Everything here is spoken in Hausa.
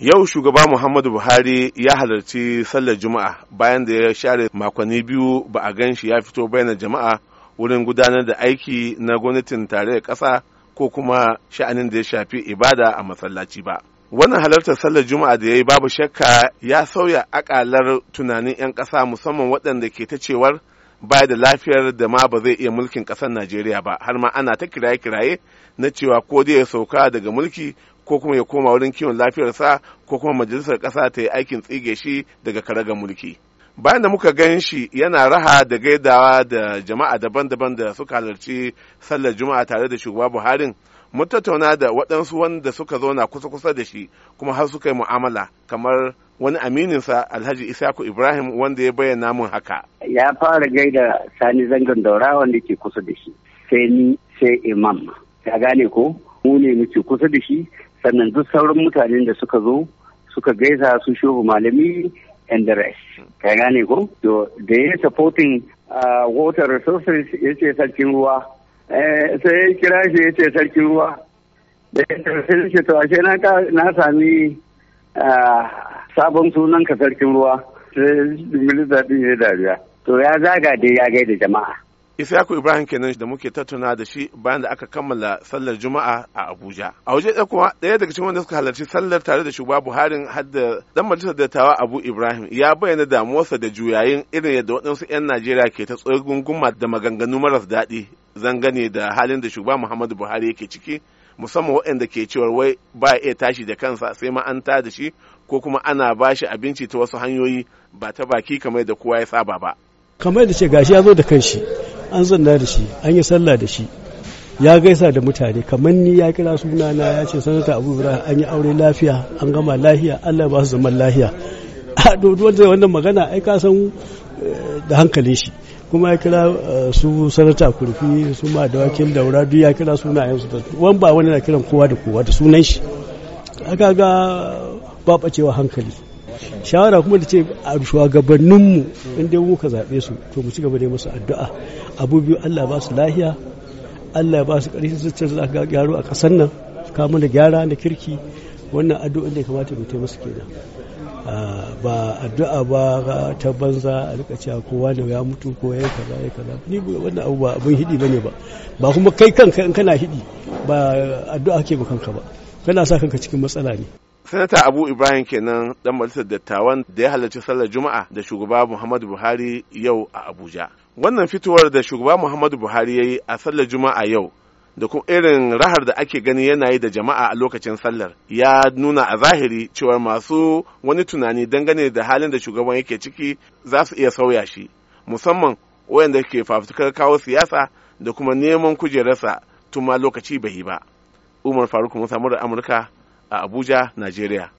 Yau shugaba Muhammadu Buhari ya halarci sallar Juma'a bayan da ya share makonni biyu ba a gan shi ya fito bayan jama'a wurin gudanar da aiki na gwamnatin tare da ƙasa ko kuma sha'anin da ya shafi ibada a masallaci ba. Wannan halartar sallar Juma'a da ya yi babu shakka ya sauya akalar tunanin 'yan ƙasa musamman waɗanda ke ta cewar baya da lafiyar da ma ba zai iya mulkin ƙasar Najeriya ba har ma ana ta kiraye-kiraye na cewa ko dai ya sauka daga mulki ko kuma ya koma wurin kiwon lafiyarsa ko kuma majalisar ƙasa ta yi aikin tsige shi daga karaga mulki bayan da muka gan shi yana raha da gaidawa da jama'a daban-daban da suka halarci sallar juma'a tare da shugaba buharin mun tattauna da waɗansu wanda suka zauna kusa-kusa da shi kuma har suka yi mu'amala kamar wani amininsa alhaji isaku ibrahim wanda ya bayyana mun haka ya fara gaida sani zangon daura wanda ke kusa da shi sai ni sai imam ya gane ko mu ne muke kusa da shi sannan duk sauran mutanen da suka zo suka gaisa su shubu malami and the rest ka gane ko to da ya supporting uh, water resources ya ce sarkin ruwa eh, sai ya kira shi ya ce sarkin ruwa da ya sai shi to ashe na sami uh, sabon sunan ka sarkin ruwa sai minista ɗin ya dariya to ya zaga dai ya gaida jama'a Isaku Ibrahim kenan da muke tattauna da shi bayan da aka kammala sallar Juma'a a Abuja. A waje ɗaya kuma ɗaya daga cikin wanda suka halarci sallar tare da shugaba Buhari har da dan majalisar dattawa Abu Ibrahim ya bayyana damuwarsa da juyayin irin yadda waɗansu 'yan Najeriya ke ta tsogunguma da maganganu maras daɗi zangane da halin da shugaba Muhammadu Buhari yake ciki musamman waɗanda ke cewar wai ba iya tashi da kansa sai ma an ta da shi ko kuma ana ba shi abinci ta wasu hanyoyi ba ta baki kamar da kowa ya saba ba. Kamar da ce gashi ya zo da kanshi an zanna da shi an yi sallah da shi ya gaisa da mutane kamar ni ya kira suna ya ce sanata abu ibrahim an yi aure lafiya an gama lahiya allah ba su zaman lahiya. a ah, doduwar da wannan magana ai ka san eh, da hankalin shi kuma ya kira eh, su sanata kurfi su ma da wakil daura duk ya kira sunayen su wani ba wani na kiran kowa da kowa da sunan shi aka ga ba hankali shawara kuma da ce a shugabanninmu in dai muka zaɓe su to mu ci gaba da musu addu'a abu biyu Allah ba su lahiya Allah ba su ƙarfi su ce za a ƙasar nan ka da gyara da kirki wannan addu'a da ya kamata mu taimaka kenan ah, ba addu'a ba ta banza a rika cewa kowa ne ya mutu ko ya kaza ya kaza ni wannan abu ba abin hidi bane ba ba kuma kai kanka in kana hidi ba addu'a ke ba kanka ba kana sa kanka cikin matsala ne sanata abu ibrahim kenan dan majalisar dattawan da ya halarci sallar juma'a da shugaba muhammadu buhari yau a abuja wannan fitowar da shugaba muhammadu buhari ya yi a sallar juma'a yau da kuma irin rahar da ake gani yana yi da jama'a a lokacin sallar ya nuna a zahiri cewa masu wani tunani dangane da halin da shugaban yake ciki za su iya sauya shi musamman wayanda ke fafutukar kawo siyasa da kuma neman kujerarsa tuma lokaci bai yi ba umar faruk musa amurka a Abuja, Najeriya.